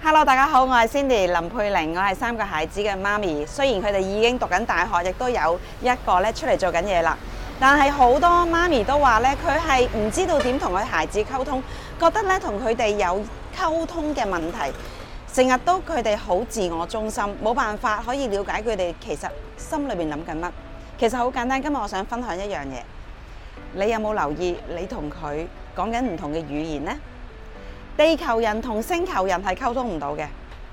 Hello，大家好，我係 Cindy 林佩玲，我係三個孩子嘅媽咪。雖然佢哋已經讀緊大學，亦都有一個咧出嚟做緊嘢啦，但係好多媽咪都話咧，佢係唔知道點同佢孩子溝通，覺得咧同佢哋有溝通嘅問題，成日都佢哋好自我中心，冇辦法可以了解佢哋其實心裏面諗緊乜。其實好簡單，今日我想分享一樣嘢，你有冇留意你同佢講緊唔同嘅語言呢？地球人同星球人係溝通唔到嘅。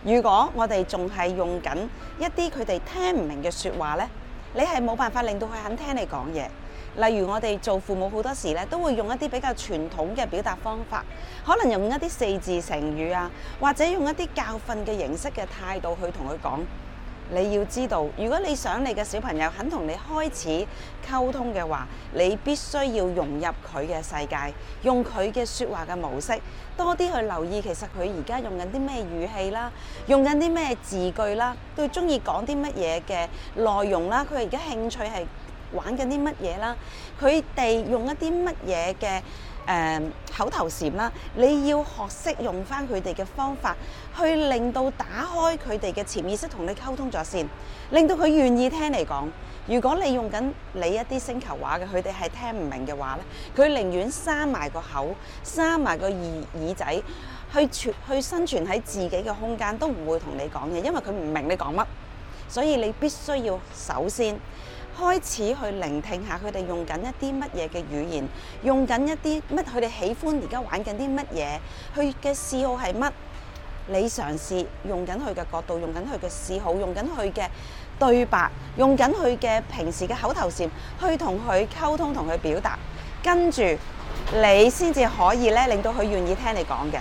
如果我哋仲係用緊一啲佢哋聽唔明嘅說話呢，你係冇辦法令到佢肯聽你講嘢。例如我哋做父母好多時呢，都會用一啲比較傳統嘅表達方法，可能用一啲四字成語啊，或者用一啲教訓嘅形式嘅態度去同佢講。你要知道，如果你想你嘅小朋友肯同你開始溝通嘅話，你必須要融入佢嘅世界，用佢嘅說話嘅模式，多啲去留意其實，佢而家用緊啲咩語氣啦，用緊啲咩字句啦，都中意講啲乜嘢嘅內容啦，佢而家興趣係玩緊啲乜嘢啦，佢哋用一啲乜嘢嘅。誒、uh, 口頭禪啦，你要學識用翻佢哋嘅方法，去令到打開佢哋嘅潛意識同你溝通咗先，令到佢願意聽你講。如果你用緊你一啲星球話嘅，佢哋係聽唔明嘅話咧，佢寧願閂埋個口，閂埋個耳耳仔，去存去生存喺自己嘅空間，都唔會同你講嘢，因為佢唔明你講乜。所以你必須要首先，開始去聆聽下佢哋用緊一啲乜嘢嘅語言，用緊一啲乜，佢哋喜歡，而家玩緊啲乜嘢，佢嘅嗜好係乜？你嘗試用緊佢嘅角度，用緊佢嘅嗜好，用緊佢嘅對白，用緊佢嘅平時嘅口頭禪，去同佢溝通，同佢表達，跟住你先至可以咧令到佢願意聽你講嘅。